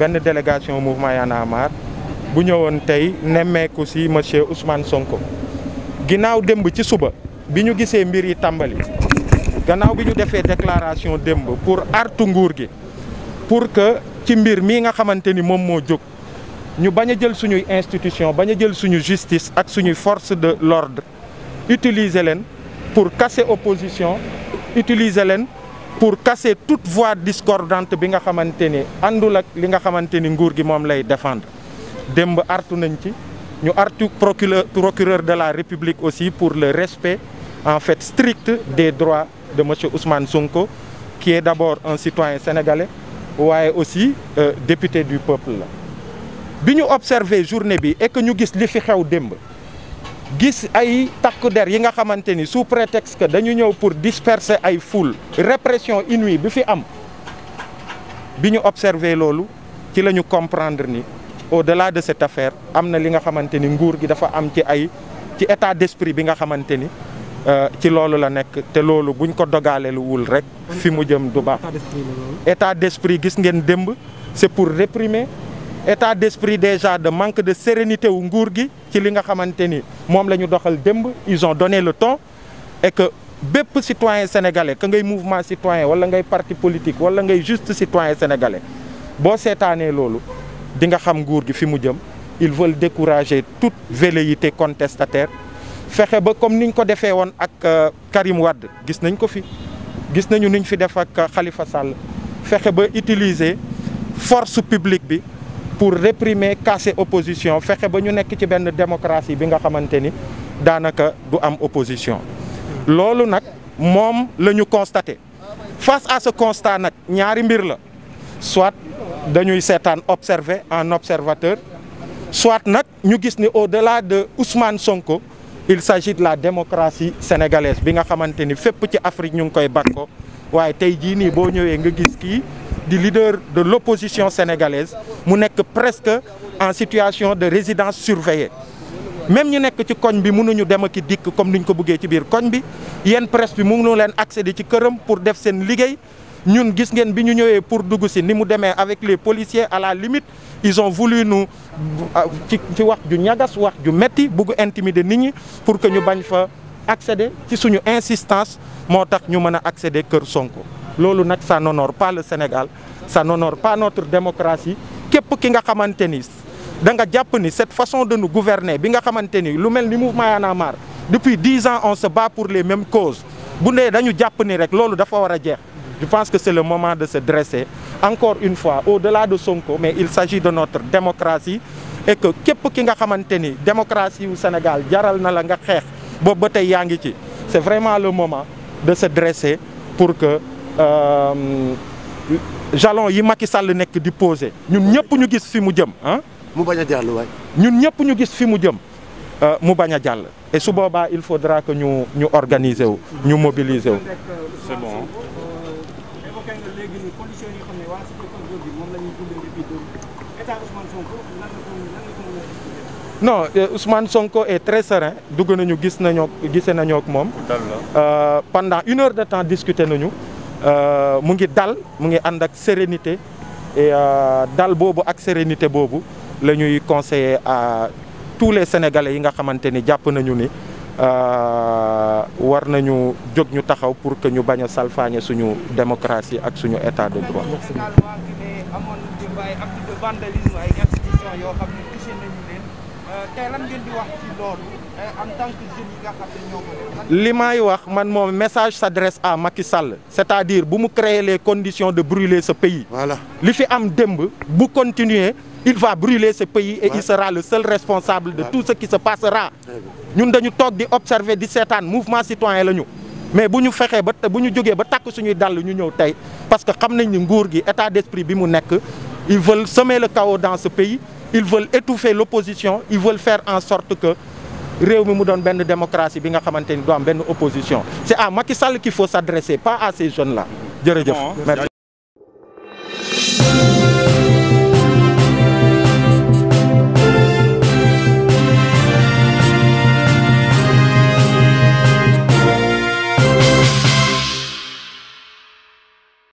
benn délégation mouvement Y'en bu ñëwoon tey nemmeeku si monsieur Ousmane Sonko ginnaaw démb ci suba bi ñu gisee mbir yi tàmbali gannaaw bi ñu defee déclaration démb pour artu nguur gi pour que ci mbir mii nga xamante ni moom moo jóg ñu bañ a jël suñuy institution bañ a jël suñu justice ak suñuy force de l'ordre utiliser leen pour casser opposition utiliser leen pour casser toute voix discordante bi nga xamante ni àndul ak li nga xamante ni nguur gi moom lay défendre démb artu nañ ci ñu artu procureur procureur de la République aussi pour le respect en fait strict des droits de monsieur Ousmane Sonko qui est d'abord un citoyen sénégalais waaye aussi euh, député du peuple la bi ñu observé journée bi et ñu gis li fi xew démb gis ay takk yi nga xamante ni sous prétexte que dañu ñëw pour disperser ay foule répression inouïe bi fi am bi ñu observer loolu ci la ñu comprendre ni au-delà de cette affaire am na li nga xamante ni nguur gi dafa am ci ay ci état d'esprit bi nga xamante ni euh, ci loolu la nekk te loolu buñ ko dogaaleluwul rek fi mu jëm du baax état d'esprit gis ngeen démb c'est pour réprimer état d'esprit déjà de manque de sérénité wu nguur gi ci li nga xamante ni moom la ñu doxal démb ils ont donné le temps et que bépp citoyen sénégalais que ngay mouvement citoyen wala ngay parti politique wala ngay juste citoyen sénégalais boo seetaanee loolu di nga xam nguur gi fi mu jëm ils veulent décourager toute velléité contestataire fexe ba comme ni niñ ko defee woon ak euh, Karim wadd gis nañ ko fi gis nañu niñ fi def ak euh, Khalifa Sall fexe ba utiliser force publique bi pour réprimer casser opposition fexe ba ñu nekk ci benn démocratie bi nga xamante ni daanaka du am opposition loolu nag moom la ñu constaté face à ce constat nag ñaari mbir la soit dañuy seetaan observer en observateur soit nag ñu gis ni au-delà de Ousmane Sonko il s'agit de la démocratie sénégalaise bi nga xamante ni fépp ci Afrique ñu ngi koy bakko waaye tey jii nii boo ñëwee nga gis kii di leader de l'opposition sénégalaise mu nekk presque en situation de résidence surveillée même ñu nekk ci koñ bi mënuñu dem ak dikk comme ñu ko bëggee ci biir koñ bi yéen presse bi mënu leen accéder ci këram pour def seen liggéey ñun gis ngeen bi ñu ñëwee pour dugg si ni mu demee avec les policiers à la limite ils ont voulu nous ci ci wax ju ñagas wax ju metti bugg intimider nit ñi pour que ñu bañ fa accéder ci suñu insistance moo tax ñu mën a accéder kër Sonko. loolu nag ça n'honore pas le Sénégal sa nonor pas notre démocratie képp ki nga xamante ni da nga jàpp ni cette façon de nous gouverner bi nga xamante ni lu mel ni mouvement Y a marre depuis dix ans on se bat pour les mêmes causes bu nee dañu jàpp ni rek loolu dafa war a jeex je pense que c'est le moment de se dresser encore une fois au-delà de Sonko mais il s'agit de notre démocratie et que képp ki nga xamante ni démocratie wu Sénégal jaral na la nga xeex boobu ba tey yaa ngi ci c'est vraiment le moment de se dresser pour que Euh, jalon yi Macky Sall nekk di posé ñun ñëpp ñu gis fi mu jëm ah. mu bañ a jàll waay. ñun ñëpp ñu gis fi mu jëm euh, mu bañ a jàll. et su boobaa il faudra que ñu ñu organiser wu ñu mobiliser wu. c'est bon. non euh, Ousmane Sonko est tres serein dugg nañu gis nañoo gisee nañoo moom. pendant une heure de temps discuter nañu. Euh, mu ngi dal mu ngi ànd ak sérénité et euh, dal boobu ak sérénité boobu la ñuy conseiller à tous les sénégalais yi nga xamante ni jàpp nañu ni euh, war nañu jóg ñu taxaw pour que ñu bañ a salfaañe suñu démocratie ak suñu état de droit. li may wax man moom message s'adresse à Macky Sall c'est-à-dire bu mu créer les conditions de brûler ce pays voilà li fi am démb bu continuer il va brûler ce pays et il sera le seul responsable de tout ce qui se passera ñun dañu toog di observer di seetaan mouvement citoyen la ñu mais bu ñu fexee ba bu ñu jógee ba takk suñuy dàll ñu ñëw tey parce que xam nañ ni nguur gi état d'esprit bi mu nekk ils veulent semer le chaos dans ce pays ils veulent étouffer l'opposition ils veulent faire en sorte que réew mi mu doon benn démocratie bi nga xamante ni du benn opposition c'est à Macky Sall qu'il faut s'adresser pas à ces jeunes là jërëjëf merci